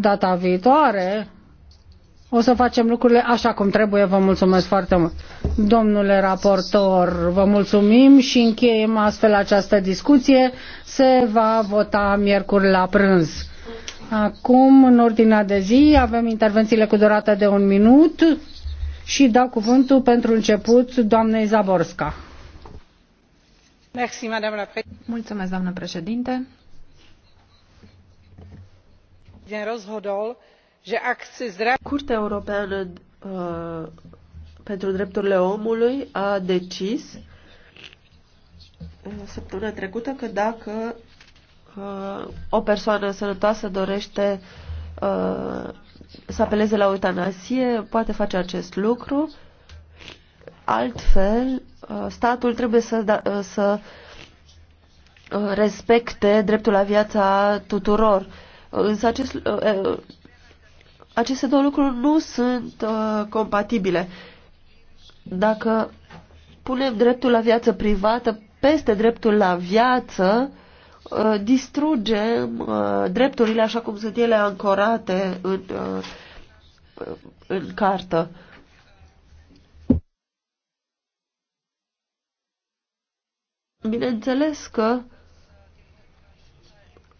data viitoare o să facem lucrurile așa cum trebuie. Vă mulțumesc foarte mult. Domnule raportor, vă mulțumim și încheiem astfel această discuție. Se va vota miercuri la prânz. Acum, în ordinea de zi, avem intervențiile cu durată de un minut și dau cuvântul pentru început doamnei Zaborska. Mulțumesc, doamnă președinte rozhodol, že ak chce Curtea Europeană uh, pentru Drepturile Omului a decis uh, săptămâna trecută că dacă uh, o persoană sănătoasă dorește uh, să apeleze la eutanasie, poate face acest lucru. Altfel, uh, statul trebuie să, da, uh, să uh, respecte dreptul la viața tuturor. Uh, Însă acest, uh, uh, aceste două lucruri nu sunt uh, compatibile. Dacă punem dreptul la viață privată peste dreptul la viață, distrugem drepturile așa cum sunt ele ancorate în, în cartă. Bineînțeles că uh,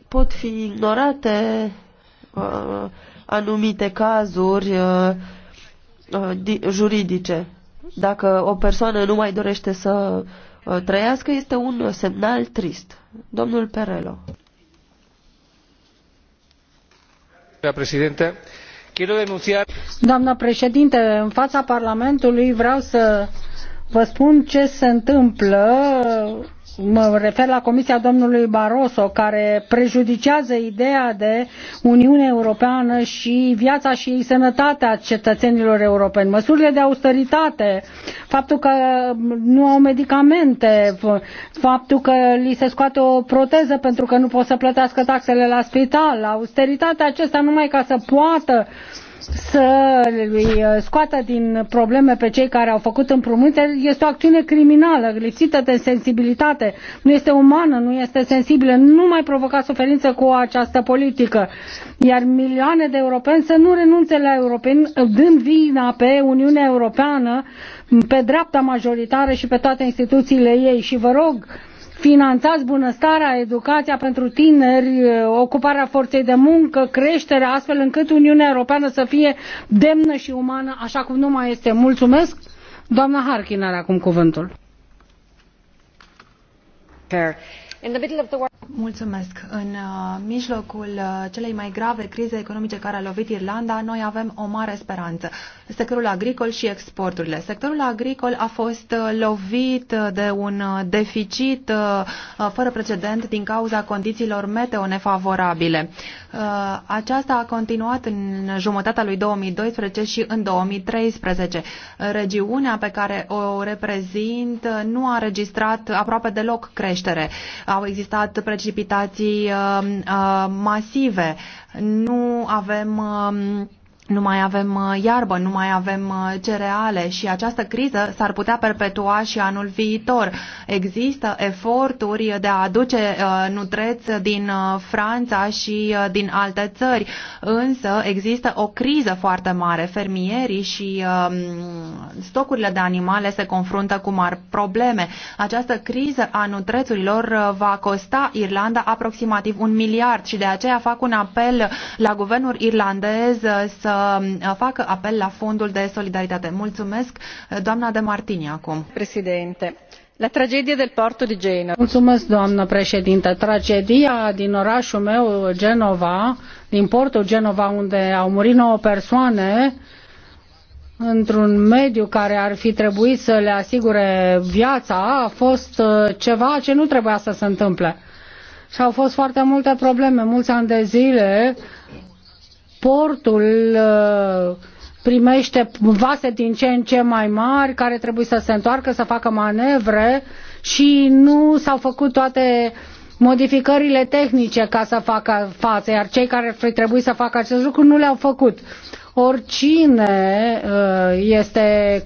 pot fi ignorate uh, anumite cazuri uh, uh juridice. Dacă o persoană nu mai dorește să uh, trăiască, este un semnal trist. Domnul Perelo. Președinte, Doamnă președinte, în fața Parlamentului vreau să vă spun ce se întâmplă mă refer la comisia domnului Barroso, care prejudicează ideea de Uniune Europeană și viața și sănătatea cetățenilor europeni. Măsurile de austeritate, faptul că nu au medicamente, faptul că li se scoate o proteză pentru că nu pot să plătească taxele la spital, austeritatea acesta numai ca să poată uh, să îi uh, scoată din probleme pe cei care au făcut împrumuturi este o acțiune criminală, lipsită de sensibilitate, nu este umană, nu este sensibilă, nu mai provoca suferință cu această politică. Iar milioane de europeni să nu renunțe la europeni, dând vina pe Uniunea Europeană, pe dreapta majoritară și pe toate instituțiile ei. Și vă rog, finanțați bunăstarea, educația pentru tineri, ocuparea forței de muncă, creșterea, astfel încât Uniunea Europeană să fie demnă și umană, așa cum nu mai este. Mulțumesc! Doamna Harkin are acum cuvântul. Care Mulțumesc. În uh, mijlocul uh, celei mai grave crize economice care a lovit Irlanda, noi avem o mare speranță. Sectorul agricol și exporturile. Sectorul agricol a fost uh, lovit de un deficit fără precedent din cauza condițiilor meteo nefavorabile. Aceasta a continuat în jumătatea lui 2012 și în 2013. Regiunea pe care o reprezint nu a registrat aproape deloc creștere au existat precipitații uh, uh, masive, nu avem uh, nu mai avem uh, iarbă, nu mai avem uh, cereale și această criză s-ar putea perpetua și anul viitor. Există eforturi de a aduce uh, nutreți din Franța și din alte țări, însă există o criză foarte mare. Fermierii și um, stocurile de animale se confruntă cu mari probleme. Această criză a nutrețurilor va costa Irlanda aproximativ un miliard și de aceea fac un apel la guvernul irlandez să Uh, facă apel la fondul de solidaritate. Mulțumesc, uh, doamna de Martini, acum. Președinte, la tragedie del porto di Genova. Mulțumesc, doamnă președintă. Tragedia din orașul meu, Genova, din portul Genova, unde au murit nouă persoane, într-un mediu care ar fi trebuit să le asigure viața, a fost uh, ceva ce nu trebuia să se întâmple. Și au fost foarte multe probleme. Mulți ani de zile portul uh, primește vase din ce în ce mai mari care trebuie să se întoarcă, să facă manevre și nu s-au făcut toate modificările tehnice ca să facă față, iar cei care ar fi trebuit să facă acest lucru nu le-au făcut oricine uh, este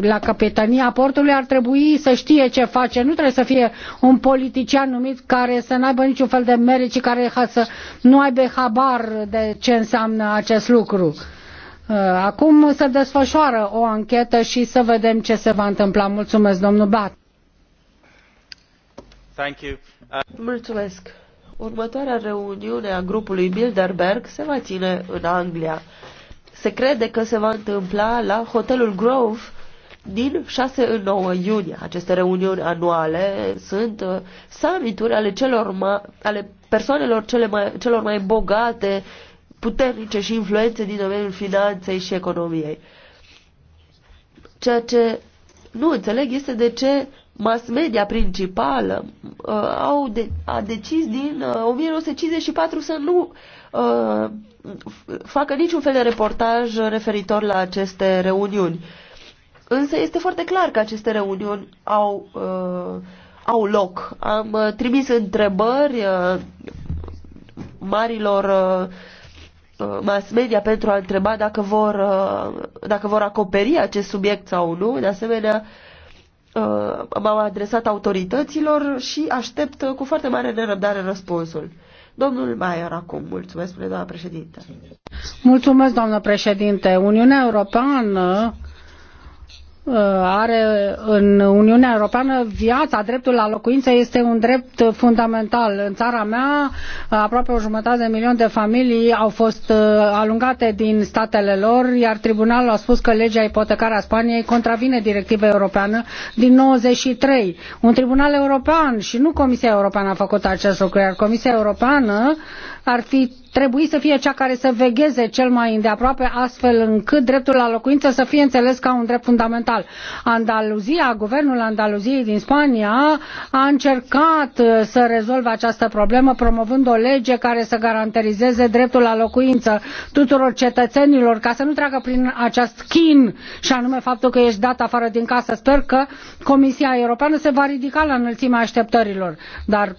la capetania portului ar trebui să știe ce face. Nu trebuie să fie un politician numit care să n-aibă niciun fel de merit și care să nu aibă habar de ce înseamnă acest lucru. Uh, acum se desfășoară o anchetă și să vedem ce se va întâmpla. Mulțumesc, domnul Bat. Uh, Mulțumesc. Următoarea reuniune a grupului Bilderberg se va ține în Anglia se crede că se va întâmpla la Hotelul Grove din 6 în 9 iunie. Aceste reuniuni anuale sunt uh, summituri ale, celor mai, ale persoanelor cele mai, celor mai bogate, puternice și influențe din domeniul finanței și economiei. Ceea ce nu înțeleg este de ce mass media principală uh, au de, a decis din uh, 1954 să nu Uh, facă niciun fel de reportaj referitor la aceste reuniuni. Însă este foarte clar că aceste reuniuni au, uh, au loc. Am uh, trimis întrebări uh, marilor uh, uh, mass media pentru a întreba dacă vor, uh, dacă vor acoperi acest subiect sau nu. De asemenea, uh, m-am adresat autorităților și aștept cu foarte mare nerăbdare răspunsul. Domnul Maier acum. Mulțumesc, doamna președinte. Mulțumesc, doamnă președinte. Uniunea Europeană Uh, are în Uniunea Europeană viața, dreptul la locuință este un drept fundamental. În țara mea, aproape o jumătate de milion de familii au fost uh, alungate din statele lor, iar tribunalul a spus că legea ipotecară a Spaniei contravine directiva europeană din 93. Un tribunal european și nu Comisia Europeană a făcut acest lucru, iar Comisia Europeană uh, ar fi trebui să fie cea care să vegheze cel mai îndeaproape, astfel încât dreptul la locuință să fie înțeles ca un drept fundamental. Andaluzia, guvernul Andaluziei din Spania a încercat uh, să rezolve această problemă promovând o lege care să garanteze dreptul la locuință tuturor cetățenilor ca să nu treacă prin acest chin și anume faptul că ești dat afară din casă. Sper că Comisia Europeană se va ridica la înălțimea așteptărilor, dar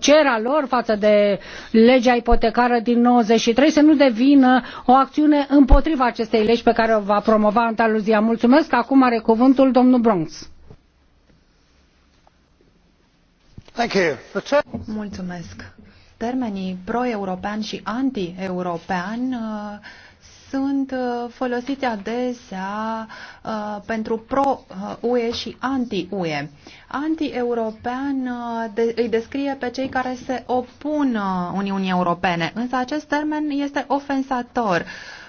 tăcerea lor față de legea ipotecară din 93 să nu devină o acțiune împotriva acestei legi pe care o va promova Andaluzia. Mulțumesc. Acum are cuvântul domnul Bronx. Mulțumesc. Termenii pro-european și anti-european uh, sunt uh, folosite adesea uh, pentru pro-UE și anti-UE. Anti-european uh, îi descrie pe cei care se opun Uniunii Europene, însă acest termen este ofensator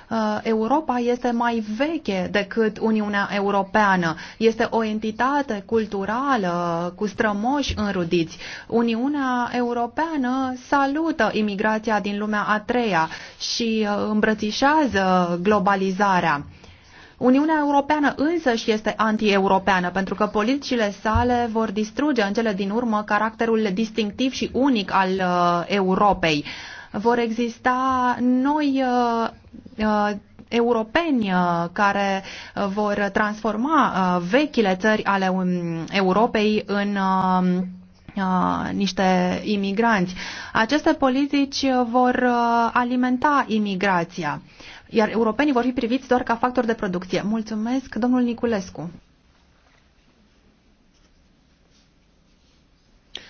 Uh, Europa este mai veche decât Uniunea Europeană. Este o entitate culturală cu strămoși înrudiți. Uniunea Europeană salută imigrația din lumea a treia și uh, îmbrățișează globalizarea. Uniunea Europeană însă, și este anti-europeană, pentru că politicile sale vor distruge în cele din urmă caracterul distinctiv și unic al uh, Europei. Uh, vor exista noi uh, uh, europeni uh, care vor transforma vechile țări ale um, Europei în niște imigranți. Aceste politici vor alimenta imigrația, iar europenii vor fi priviți doar ca factor de producție. Mulțumesc, domnul Niculescu.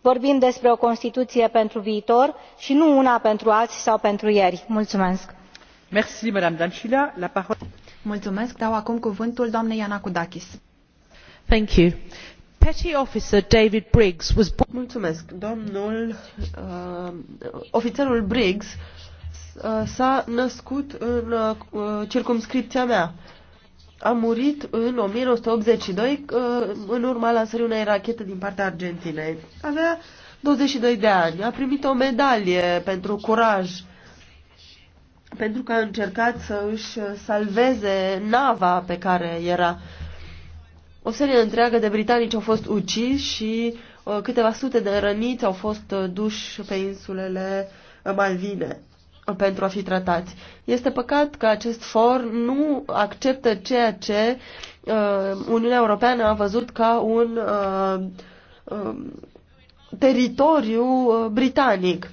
vorbim despre o constituție pentru viitor și nu una pentru azi sau pentru ieri. mulțumesc. mulțumesc. acum cuvântul Mulțumesc. Uh, ofițerul Briggs uh, s-a născut în uh, circumscripția mea a murit în 1982 uh, în urma lansării unei rachete din partea Argentinei. Avea 22 de ani, a primit o medalie pentru curaj, pentru că a încercat să își salveze nava pe care era. O serie întreagă de britanici au fost uciși și uh, câteva sute de răniți au fost uh, duși pe insulele Malvine pentru a fi tratați. Este păcat că acest for nu acceptă ceea ce uh, Uniunea Europeană a văzut ca un uh, um, uh, teritoriu britanic.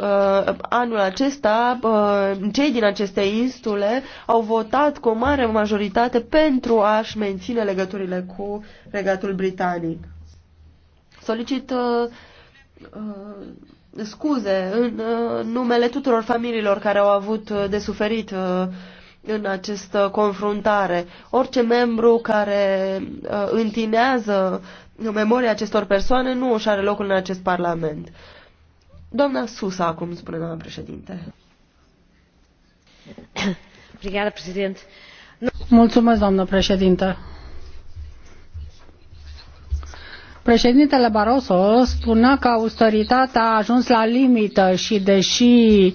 Uh, anul acesta, uh, cei din aceste insule au votat cu o mare majoritate pentru a-și menține legăturile cu regatul britanic. Solicit uh, uh, scuze în numele tuturor familiilor care au avut de suferit uh, în această confruntare. Orice membru care uh, întinează memoria acestor persoane nu își are locul în acest parlament. Doamna Susa, acum spune doamna președinte. Mulțumesc, doamnă președinte Președintele Barroso spunea că austeritatea a ajuns la limită și deși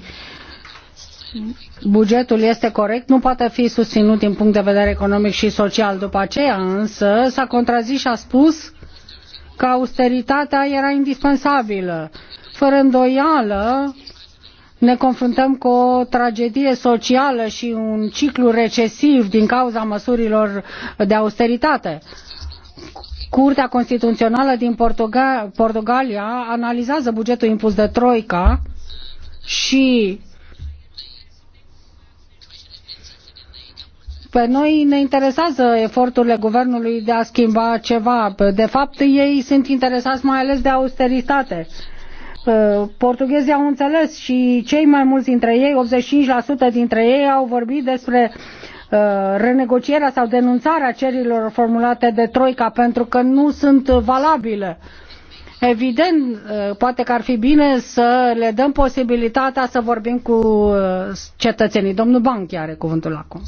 bugetul este corect, nu poate fi susținut din punct de vedere economic și social. După aceea însă s-a contrazis și a spus că austeritatea era indispensabilă. Fără îndoială, ne confruntăm cu o tragedie socială și un ciclu recesiv din cauza măsurilor de austeritate. Curtea Constituțională din Portuga Portugalia analizează bugetul impus de Troica și pe noi ne interesează eforturile guvernului de a schimba ceva. De fapt, ei sunt interesați mai ales de austeritate. Portughezii au înțeles și cei mai mulți dintre ei, 85% dintre ei, au vorbit despre Uh, renegocierea sau denunțarea cererilor formulate de Troica pentru că nu sunt valabile. Evident, uh, poate că ar fi bine să le dăm posibilitatea să vorbim cu uh, cetățenii. Domnul Banchi are cuvântul acum.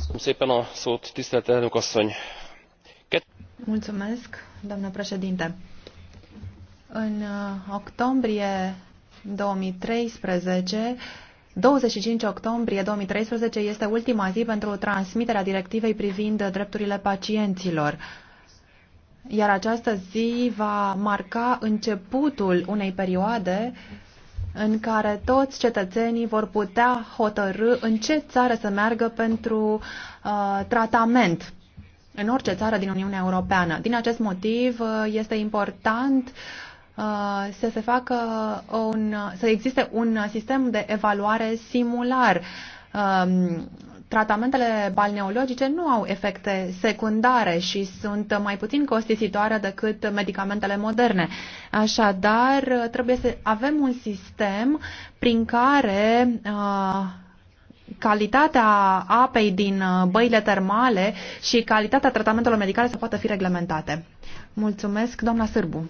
Mulțumesc, doamnă președinte. În octombrie 2013, 25 octombrie 2013 este ultima zi pentru transmiterea directivei privind drepturile pacienților iar această zi va marca începutul unei perioade în care toți cetățenii vor putea hotărâ în ce țară să meargă pentru uh, tratament în orice țară din Uniunea Europeană. Din acest motiv uh, este important uh, Uh, să se facă un, să existe un sistem de evaluare simular. Um, tratamentele balneologice nu au efecte secundare și sunt mai puțin costisitoare decât medicamentele moderne. Așadar, trebuie să avem un sistem prin care uh, calitatea apei din uh, băile termale și calitatea tratamentelor medicale să poată fi reglementate. Mulțumesc, doamna Sârbu.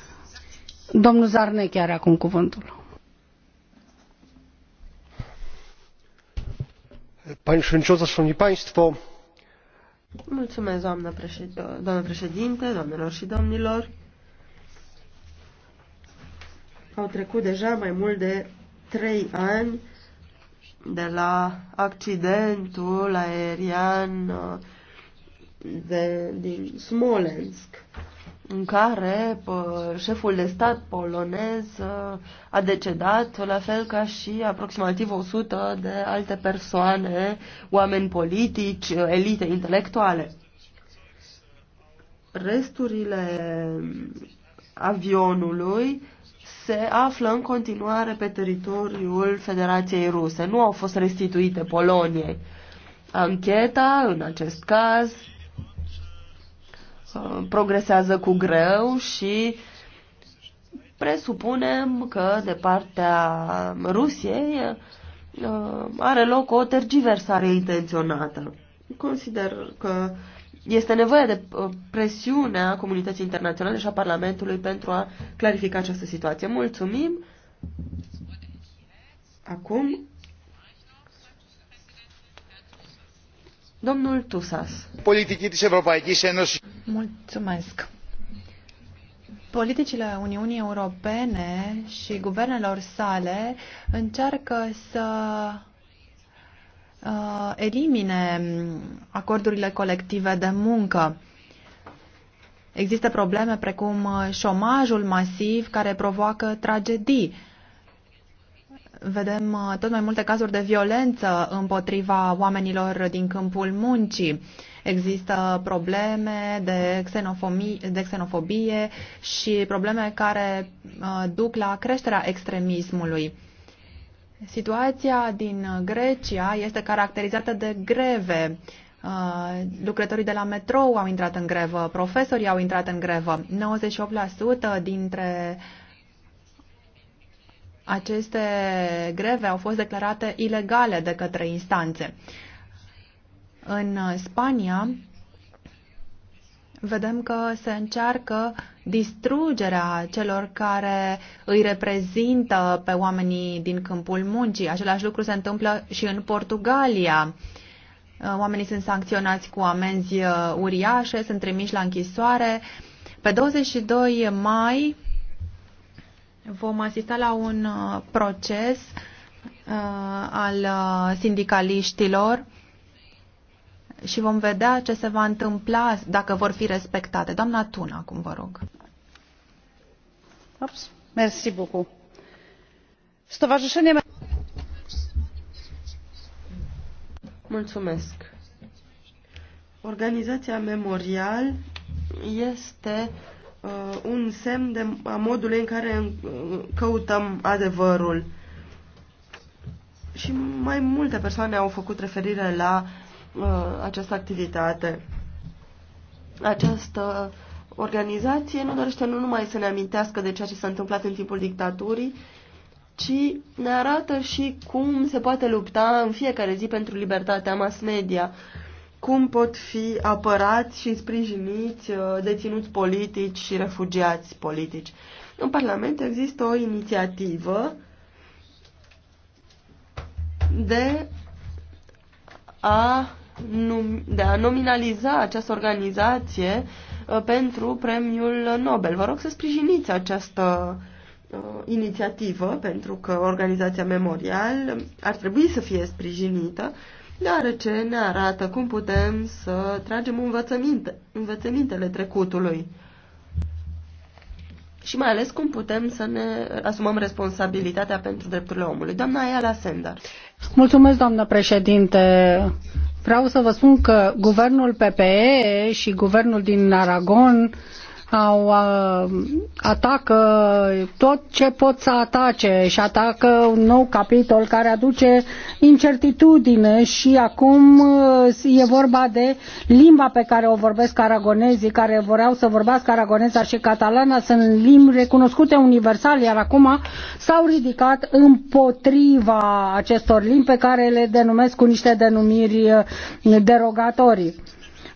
Domnul Zarnechi are acum cuvântul. Pani Przewodnicząca, Szanowni Państwo! Mulțumesc, doamnă președinte, doamnă președinte, doamnelor și domnilor. Au trecut deja mai mult de trei ani de la accidentul aerian uh, de, din Smolensk în care șeful de stat polonez ă, a decedat, la fel ca și aproximativ 100 de alte persoane, oameni politici, ă, elite intelectuale. Resturile avionului se află în continuare pe teritoriul Federației Ruse. Nu au fost restituite Poloniei. Ancheta, în acest caz, Uh, progresează cu greu și presupunem că de partea Rusiei uh, are loc o tergiversare intenționată. Consider că este nevoie de uh, presiunea comunității internaționale și a Parlamentului pentru a clarifica această situație. Mulțumim! Acum Domnul Tusas. Politicii της Mulțumesc. Politicile Uniunii Europene și guvernelor sale încearcă să uh, elimine acordurile colective de muncă. Există probleme precum șomajul masiv care provoacă tragedii vedem uh, tot mai multe cazuri de violență împotriva oamenilor din câmpul muncii. Există probleme de, de xenofobie și probleme care uh, duc la creșterea extremismului. Situația din Grecia este caracterizată de greve. Uh, lucrătorii de la metrou au intrat în grevă, profesorii au intrat în grevă. 98% dintre uh, aceste greve au fost declarate ilegale de către instanțe. În Spania vedem că se încearcă distrugerea celor care îi reprezintă pe oamenii din câmpul muncii. Același lucru se întâmplă și în Portugalia. Oamenii sunt sancționați cu amenzi uh, uriașe, sunt trimiși la închisoare. Pe 22 mai Vom asista la un uh, proces uh, al uh, sindicaliștilor și vom vedea ce se va întâmpla dacă vor fi respectate. Doamna Tuna, acum vă rog. Ops. Merci beaucoup. Stowarzyszenie... Mulțumesc. Organizația Memorial este uh, un semn de, a modului în care uh, căutăm adevărul. Și mai multe persoane au făcut referire la uh, această activitate. Această organizație nu dorește nu numai să ne amintească de ceea ce s-a întâmplat în timpul dictaturii, ci ne arată și cum se poate lupta în fiecare zi pentru libertatea mass media. Uh, cum pot fi apărați și sprijiniți uh, deținuți politici și refugiați politici. În Parlament există o inițiativă de a, num, de a nominaliza această organizație uh, pentru premiul Nobel. Vă rog să sprijiniți această uh, inițiativă, pentru că organizația Memorial ar trebui să fie sprijinită deoarece ne arată cum putem să tragem învățăminte, învățămintele trecutului și mai ales cum putem să ne asumăm responsabilitatea pentru drepturile omului. Doamna Ayala Sender. Mulțumesc, doamnă președinte. Vreau să vă spun că guvernul PPE și guvernul din Aragon au uh, atacă tot ce pot să atace și atacă un nou capitol care aduce incertitudine și acum uh, e vorba de limba pe care o vorbesc aragonezii care vreau să vorbească aragoneza și catalana sunt limbi recunoscute universal iar acum s-au ridicat împotriva acestor limbi pe care le denumesc cu niște denumiri uh, derogatorii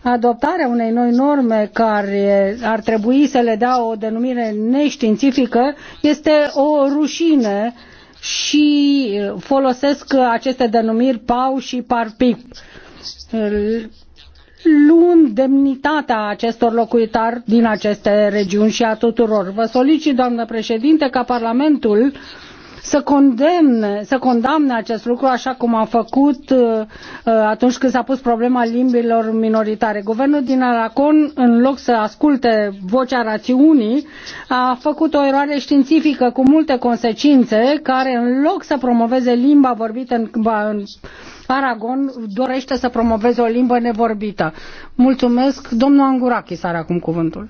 adoptarea unei noi norme care ar trebui să le dea o denumire neștiințifică este o rușine și folosesc aceste denumiri PAU și PARPIP luând demnitatea acestor locuitari din aceste regiuni și a tuturor. Vă solicit, doamnă președinte, ca Parlamentul să condamne, să condamne acest lucru așa cum a făcut uh, uh, atunci când s-a pus problema limbilor minoritare. Guvernul din Aracon, în loc să asculte vocea rațiunii, a făcut o eroare științifică cu multe consecințe, care în loc să promoveze limba vorbită în, în Aragon, dorește să promoveze o limbă nevorbită. Mulțumesc. Domnul Angurakis are acum cuvântul.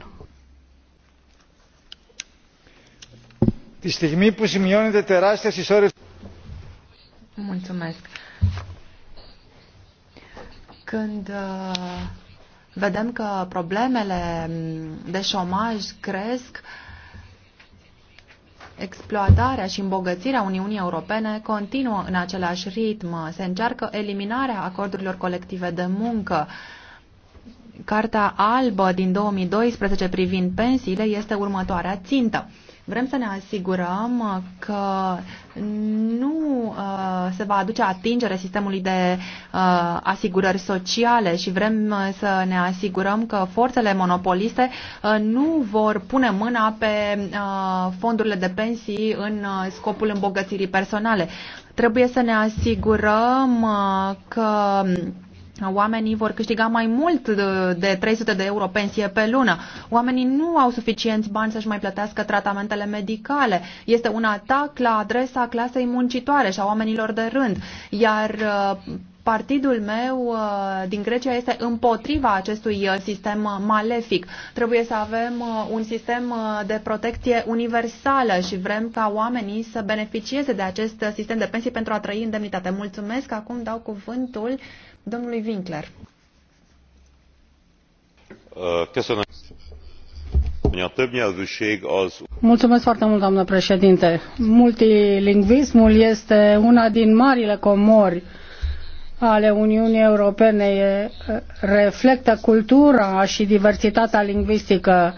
Mulțumesc. Când uh, vedem că problemele mm, de șomaj cresc, exploatarea și îmbogățirea Uniunii Europene continuă în același ritm. Se încearcă eliminarea acordurilor colective de muncă. Carta albă din 2012 privind pensiile este următoarea țintă. Vrem să ne asigurăm că nu uh, se va aduce atingere sistemului de uh, asigurări sociale și vrem uh, să ne asigurăm că forțele monopoliste uh, nu vor pune mâna pe uh, fondurile de pensii în uh, scopul îmbogățirii personale. Trebuie să ne asigurăm uh, că uh, Oamenii vor câștiga mai mult de 300 de euro pensie pe lună. Oamenii nu au suficienți bani să-și mai plătească tratamentele medicale. Este un atac la adresa clasei muncitoare și a oamenilor de rând. Iar uh, partidul meu uh, din Grecia este împotriva acestui uh, sistem malefic. Trebuie să avem un sistem de protecție universală și vrem ca oamenii să beneficieze de acest sistem de pensii pentru a trăi indemnitate. Mulțumesc. Acum dau cuvântul Domnului Winkler. Mulțumesc foarte mult, doamnă președinte. Multilingvismul este una din marile comori ale Uniunii Europene. Reflectă cultura și diversitatea lingvistică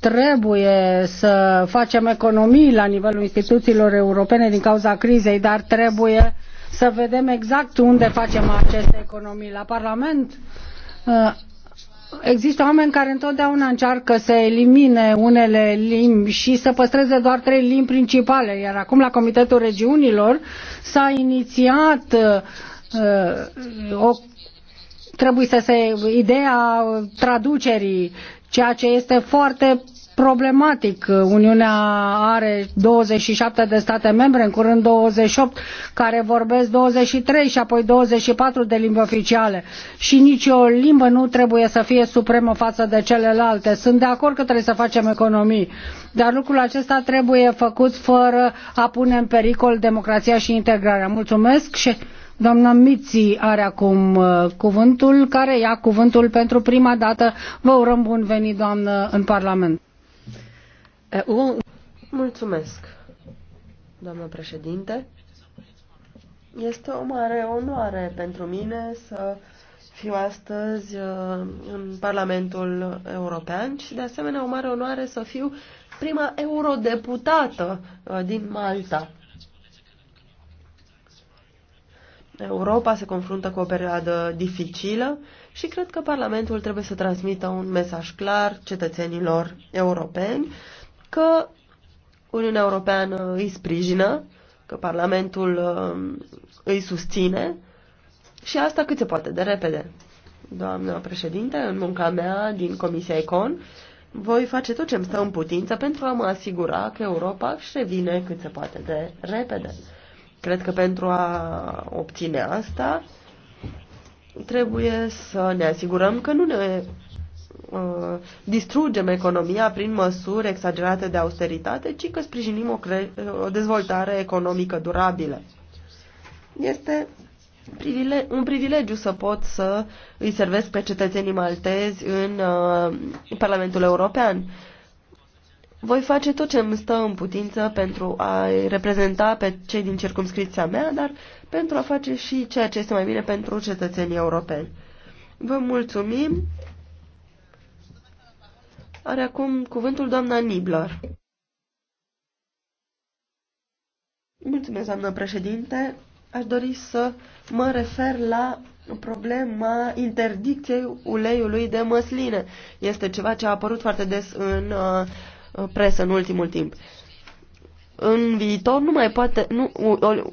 trebuie să facem economii la nivelul instituțiilor europene din cauza crizei, dar trebuie să vedem exact unde facem aceste economii. La Parlament uh, există oameni care întotdeauna încearcă să elimine unele limbi și să păstreze doar trei limbi principale, iar acum la Comitetul Regiunilor s-a inițiat uh, uh, o trebuie să se ideea traducerii, ceea ce este foarte problematic. Uniunea are 27 de state membre, în curând 28, care vorbesc 23 și apoi 24 de limbi oficiale. Și nicio limbă nu trebuie să fie supremă față de celelalte. Sunt de acord că trebuie să facem economii, dar lucrul acesta trebuie făcut fără a pune în pericol democrația și integrarea. Mulțumesc și Doamna Miții are acum uh, cuvântul, care ia cuvântul pentru prima dată. Vă urăm bun venit, doamnă, în Parlament. EU. Mulțumesc, doamnă președinte. Este o mare onoare pentru mine să fiu astăzi uh, în Parlamentul European și de asemenea o mare onoare să fiu prima eurodeputată uh, din Malta. Europa se confruntă cu o perioadă dificilă și cred că Parlamentul trebuie să transmită un mesaj clar cetățenilor europeni că Uniunea Europeană îi sprijină, că Parlamentul um, îi susține și asta cât se poate de repede. Doamna președinte, în munca mea din Comisia Econ, voi face tot ce îmi stă în putință pentru a mă asigura că Europa își revine cât se poate de repede. Cred că pentru a obține asta trebuie să ne asigurăm că nu ne Uh, distrugem economia prin măsuri exagerate de austeritate, ci că sprijinim o, o dezvoltare economică durabilă. Este privile un privilegiu să pot să îi servesc pe cetățenii maltezi în uh, Parlamentul European. Voi face tot ce îmi stă în putință pentru a reprezenta pe cei din circumscripția mea, dar pentru a face și ceea ce este mai bine pentru cetățenii europeni. Vă mulțumim. Are acum cuvântul doamna Nibler. Mulțumesc, doamnă președinte. Aș dori să mă refer la problema interdicției uleiului de măsline. Este ceva ce a apărut foarte des în uh, presă în ultimul timp. În viitor nu mai poate, nu,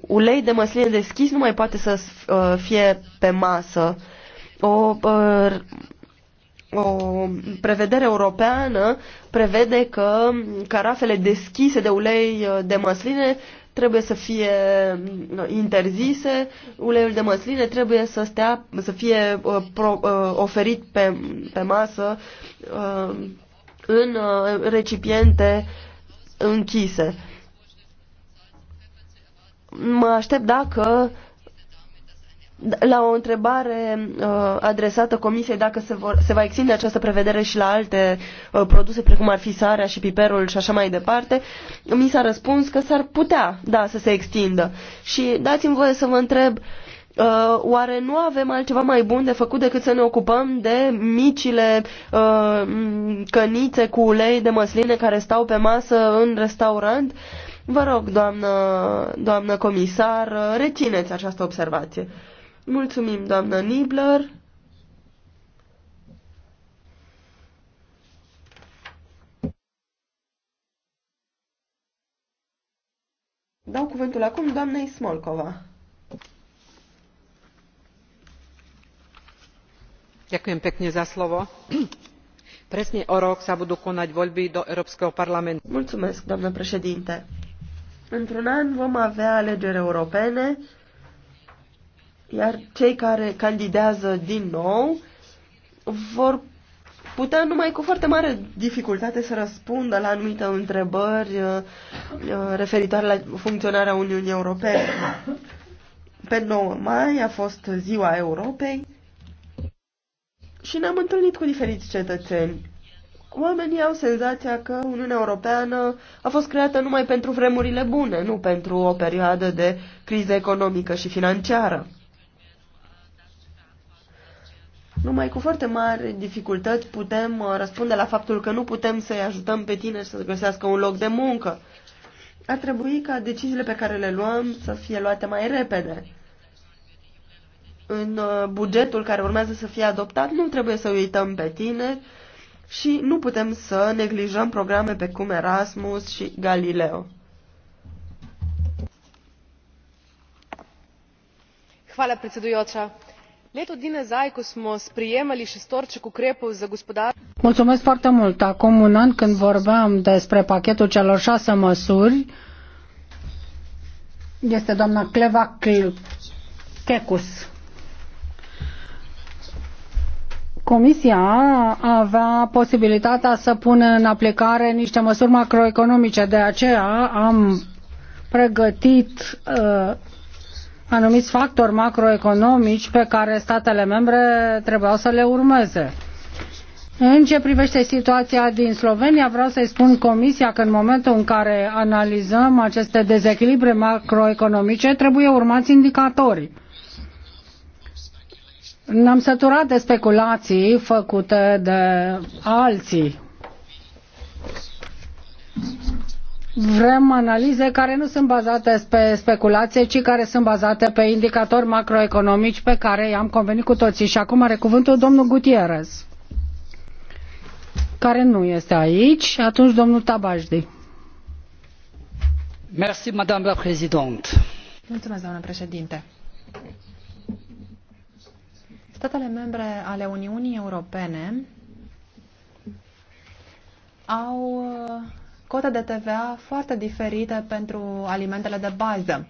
ulei de măsline deschis nu mai poate să uh, fie pe masă. O uh, o prevedere europeană prevede că carafele deschise de ulei uh, de măsline trebuie să fie uh, interzise, uleiul de măsline trebuie să, stea, să fie uh, oferit pe, pe masă în recipiente închise. Mă aștept dacă la o întrebare uh, adresată Comisiei dacă se, vor, se va extinde această prevedere și la alte uh, produse precum ar fi sarea și piperul și așa mai departe, mi s-a răspuns că s-ar putea, da, să se extindă. Și dați-mi voie să vă întreb, uh, oare nu avem altceva mai bun de făcut decât să ne ocupăm de micile uh, cănițe cu ulei de măsline care stau pe masă în restaurant? Vă rog, doamnă, doamnă comisar, uh, rețineți această observație. Mulțumim, doamnă Nibler. Dau cuvântul acum doamnei Smolkova. Ďakujem pekne za slovo. Presne o rok sa budú konať voľby do Európskeho parlamentu. Mulțumesc, doamnă președinte. Într-un an vom avea alegeri europene iar cei care candidează din nou vor putea numai cu foarte mare dificultate să răspundă la anumite întrebări uh, uh, referitoare la funcționarea Uniunii Europene. Pe 9 mai a fost Ziua Europei și ne-am întâlnit cu diferiți cetățeni. Oamenii au senzația că Uniunea Europeană a fost creată numai pentru vremurile bune, nu pentru o perioadă de criză economică și financiară. Numai cu foarte mari dificultăți putem uh, răspunde la faptul că nu putem să-i ajutăm pe tine să găsească un loc de muncă. Ar trebui ca deciziile pe care le luăm să fie luate mai repede. În uh, bugetul care urmează să fie adoptat nu trebuie să uităm pe tine și nu putem să neglijăm programe pe cum Erasmus și Galileo. Hvala predsedujoča leto dni nazaj ko smo sprejemali šestorček ukrepov za gospodarstvo. Mulțumesc foarte mult. Acum un an când vorbeam despre pachetul celor șase măsuri, este doamna Cleva Kekus. Comisia avea posibilitatea să pună în aplicare niște măsuri macroeconomice, de aceea am pregătit uh, anumiți factori macroeconomici pe care statele membre trebuiau să le urmeze. În ce privește situația din Slovenia, vreau să-i spun Comisia că în momentul în care analizăm aceste dezechilibre macroeconomice, trebuie urmați indicatorii. n am săturat de speculații făcute de alții Vrem analize care nu sunt bazate pe speculație, ci care sunt bazate pe indicatori macroeconomici pe care i-am convenit cu toții. Și acum are cuvântul domnul Gutierrez, care nu este aici, și atunci domnul Tabajdi. Merci, madame la présidente. Mulțumesc, doamnă președinte. Statele membre ale Uniunii Europene au cote de TVA foarte diferite pentru alimentele de bază.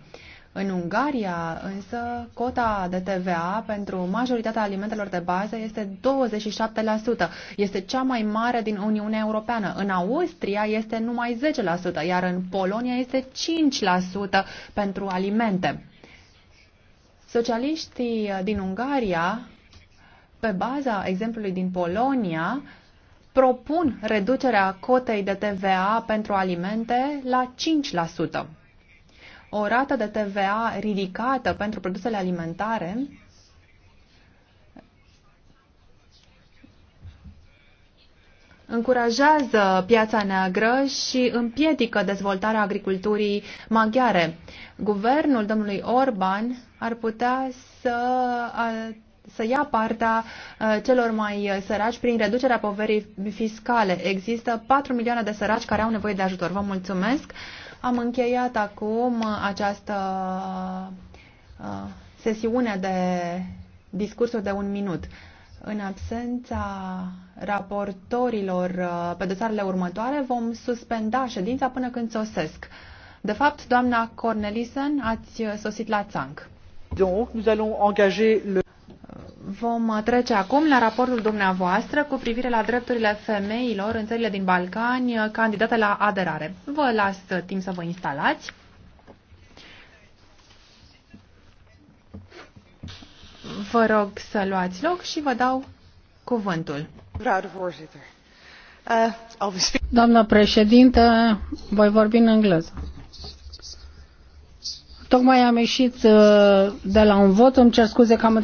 În Ungaria, însă, cota de TVA pentru majoritatea alimentelor de bază este 27%. Este cea mai mare din Uniunea Europeană. În Austria este numai 10%, iar în Polonia este 5% pentru alimente. Socialiștii din Ungaria, pe baza exemplului din Polonia, propun reducerea cotei de TVA pentru alimente la 5%. O rată de TVA ridicată pentru produsele alimentare încurajează piața neagră și împiedică dezvoltarea agriculturii maghiare. Guvernul domnului Orban ar putea să să ia partea uh, celor mai uh, săraci prin reducerea poverii fiscale. Există 4 milioane de săraci care au nevoie de ajutor. Vă mulțumesc. Am încheiat acum această uh, sesiune de discursuri de un minut. În absența raportorilor pe dosarele următoare, vom suspenda ședința până când sosesc. De fapt, doamna Cornelisen, ați sosit la țanc. Donc, nous allons engager le... Vom trece acum la raportul dumneavoastră cu privire la drepturile femeilor în țările din Balcani candidate la aderare. Vă las timp să vă instalați. Vă rog să luați loc și vă dau cuvântul. Eh, Doamna președintă, voi vorbi în engleză. Tocmai am ieșit eh, de la un vot, îmi cer scuze că am